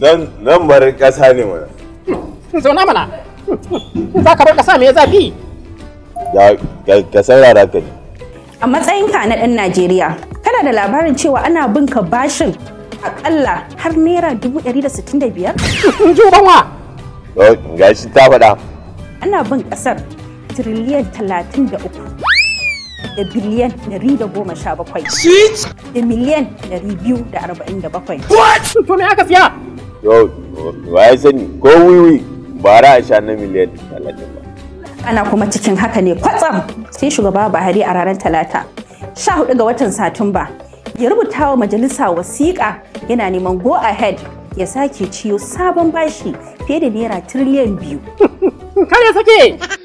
Nan nan bar ƙasa ne mana. Zauna mana. Za ka bar ƙasa me zafi? Ka saurara ka ne. A matsayinka na ɗan Najeriya, kana da labarin cewa ana bin ka bashin akalla har naira dubu ɗari da sittin da biyar? Jubanwa! Oh, ga shi ta faɗa. Ana bin ƙasar tiriliyan talatin da uku da biliyan ɗari da goma sha bakwai. Da miliyan ɗari biyu da arba'in da bakwai. What? To me aka siya? yau sani ko wiwi ba ra a sha na miliyan talatin ba ana kuma cikin haka ne kwatsam sai shugaba buhari a ranar talata 14 ga watan satumba ya rubuta wa majalisa wasiƙa yana neman go ahead ya sake ciyo sabon bashi fiye da naira tiriliyan biyu. Kare sake!